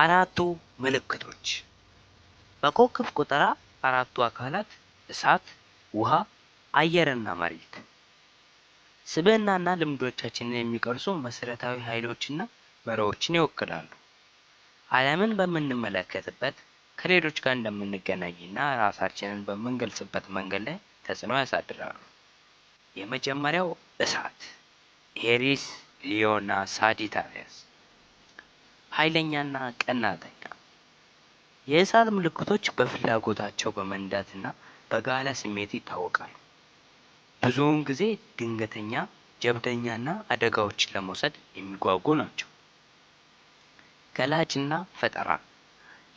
አራቱ ምልክቶች በኮከብ ቆጠራ አራቱ አካላት እሳት፣ ውሃ፣ አየርና መሬት ስብዕናና ልምዶቻችንን የሚቀርሱ መሰረታዊ ኃይሎችና መርሆዎችን ይወክላሉ። ዓለምን በምንመለከትበት ከሌሎች ጋር እንደምንገናኝና ራሳችንን በምንገልጽበት መንገድ ላይ ተጽዕኖ ያሳድራሉ። የመጀመሪያው እሳት ኤሪስ፣ ሊዮና ሳጂታሪያስ ኃይለኛና ቀናተኛ የእሳት ምልክቶች በፍላጎታቸው በመንዳትና በጋለ ስሜት ይታወቃሉ። ብዙውን ጊዜ ድንገተኛ፣ ጀብደኛና አደጋዎችን ለመውሰድ የሚጓጉ ናቸው። ገላጭና ፈጠራ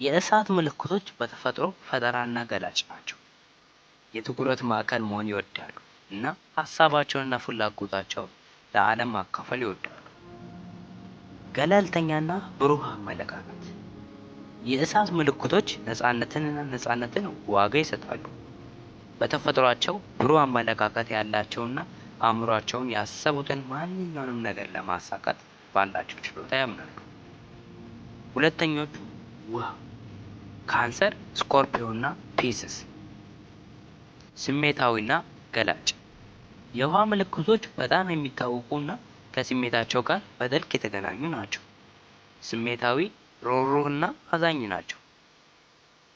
የእሳት ምልክቶች በተፈጥሮ ፈጠራና ገላጭ ናቸው። የትኩረት ማዕከል መሆን ይወዳሉ እና ሀሳባቸውንና ፍላጎታቸውን ለዓለም ማካፈል ይወዳሉ። ገለልተኛና ብሩህ አመለካከት የእሳት ምልክቶች ነፃነትንና ነፃነትን ዋጋ ይሰጣሉ። በተፈጥሯቸው ብሩህ አመለካከት ያላቸውና አእምሯቸውን ያሰቡትን ማንኛውንም ነገር ለማሳካት ባላቸው ችሎታ ያምናሉ። ሁለተኞቹ ውሃ፣ ካንሰር፣ ስኮርፒዮ ፒስስ ስሜታዊና ገላጭ የውሃ ምልክቶች በጣም የሚታወቁና ከስሜታቸው ጋር በጥልቅ የተገናኙ ናቸው። ስሜታዊ፣ ሩህሩህና አዛኝ ናቸው።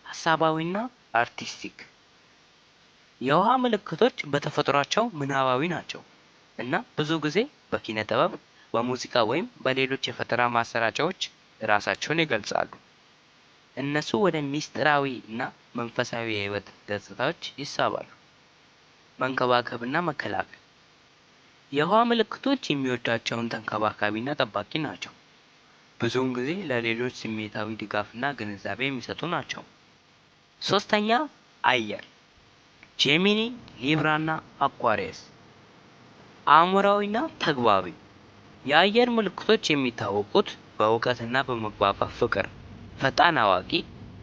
ሀሳባዊና አርቲስቲክ የውሃ ምልክቶች በተፈጥሯቸው ምናባዊ ናቸው እና ብዙ ጊዜ በኪነ ጥበብ፣ በሙዚቃ ወይም በሌሎች የፈጠራ ማሰራጫዎች ራሳቸውን ይገልጻሉ። እነሱ ወደ ሚስጥራዊ እና መንፈሳዊ የህይወት ገጽታዎች ይሳባሉ። መንከባከብና መከላከል የውሃ ምልክቶች የሚወዳቸውን ተንከባካቢና ጠባቂ ናቸው። ብዙውን ጊዜ ለሌሎች ስሜታዊ ድጋፍና ግንዛቤ የሚሰጡ ናቸው። ሶስተኛ አየር፣ ጄሚኒ፣ ሊብራና አኳሪየስ። አእምሯዊና ተግባቢ፣ የአየር ምልክቶች የሚታወቁት በእውቀትና በመግባባት ፍቅር፣ ፈጣን አዋቂ፣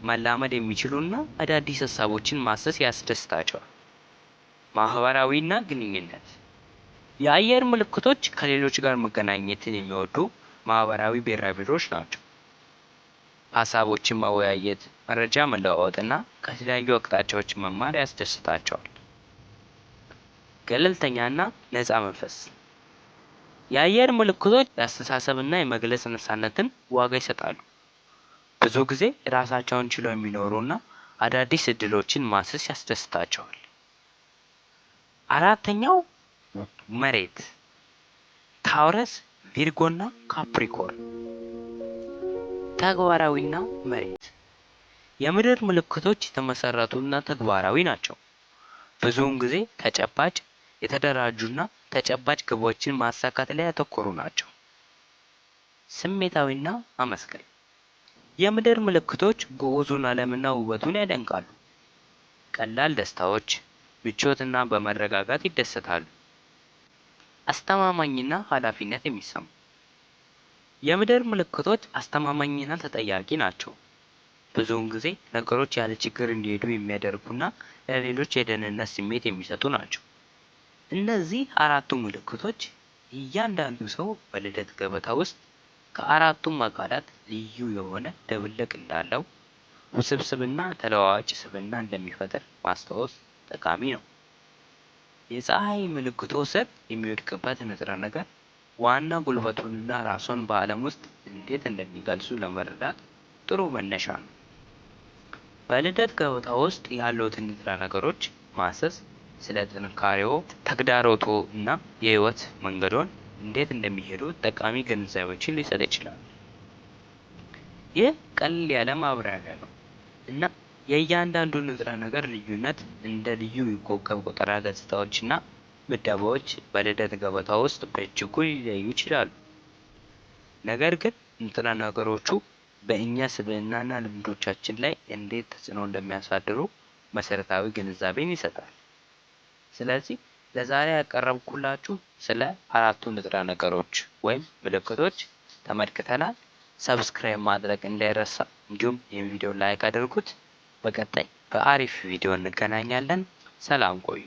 መላመድ የሚችሉና አዳዲስ ሀሳቦችን ማሰስ ያስደስታቸዋል። ማህበራዊና ግንኙነት የአየር ምልክቶች ከሌሎች ጋር መገናኘትን የሚወዱ ማህበራዊ ብሔራቤሮች ናቸው። ሀሳቦችን መወያየት፣ መረጃ መለዋወጥ እና ከተለያዩ አቅጣጫዎች መማር ያስደስታቸዋል። ገለልተኛ ነፃ መንፈስ የአየር ምልክቶች የአስተሳሰብ እና የመግለጽ ነፃነትን ዋጋ ይሰጣሉ። ብዙ ጊዜ ራሳቸውን ችለው የሚኖሩ እና አዳዲስ እድሎችን ማሰስ ያስደስታቸዋል። አራተኛው መሬት ታውረስ ቪርጎና ካፕሪኮርን ተግባራዊና መሬት የምድር ምልክቶች የተመሰረቱና ተግባራዊ ናቸው። ብዙውን ጊዜ ተጨባጭ የተደራጁና ተጨባጭ ግቦችን ማሳካት ላይ ያተኮሩ ናቸው። ስሜታዊና አመስጋኝ የምድር ምልክቶች ግዑዙን ዓለምና ውበቱን ያደንቃሉ። ቀላል ደስታዎች ምቾትና በመረጋጋት ይደሰታሉ። አስተማማኝና ኃላፊነት የሚሰሙ የምድር ምልክቶች አስተማማኝና ተጠያቂ ናቸው። ብዙውን ጊዜ ነገሮች ያለ ችግር እንዲሄዱ የሚያደርጉና ለሌሎች የደህንነት ስሜት የሚሰጡ ናቸው። እነዚህ አራቱ ምልክቶች እያንዳንዱ ሰው በልደት ገበታ ውስጥ ከአራቱም አካላት ልዩ የሆነ ድብልቅ እንዳለው ውስብስብና ተለዋዋጭ ስብዕና እንደሚፈጥር ማስታወስ ጠቃሚ ነው። የፀሐይ ምልክቶ ስር የሚወድቅበት ንጥረ ነገር ዋና ጉልበቱንና ራሱን በዓለም ውስጥ እንዴት እንደሚገልጹ ለመረዳት ጥሩ መነሻ ነው። በልደት ገበታ ውስጥ ያሉትን ንጥረ ነገሮች ማሰስ ስለ ጥንካሬዎ፣ ተግዳሮቱ እና የህይወት መንገዶን እንዴት እንደሚሄዱ ጠቃሚ ግንዛቤዎችን ሊሰጥ ይችላል። ይህ ቀለል ያለ ማብራሪያ ነው እና የእያንዳንዱ ንጥረ ነገር ልዩነት እንደ ልዩ የኮከብ ቆጠራ ገጽታዎችና ምደባዎች በልደት ገበታ ውስጥ በእጅጉ ሊለዩ ይችላሉ። ነገር ግን ንጥረ ነገሮቹ በእኛ ስብዕናና ልምዶቻችን ላይ እንዴት ተጽዕኖ እንደሚያሳድሩ መሰረታዊ ግንዛቤን ይሰጣል። ስለዚህ ለዛሬ ያቀረብኩላችሁ ስለ አራቱ ንጥረ ነገሮች ወይም ምልክቶች ተመልክተናል። ሰብስክራይብ ማድረግ እንዳይረሳ፣ እንዲሁም የቪዲዮ ላይክ አድርጉት። በቀጣይ በአሪፍ ቪዲዮ እንገናኛለን። ሰላም ቆዩ።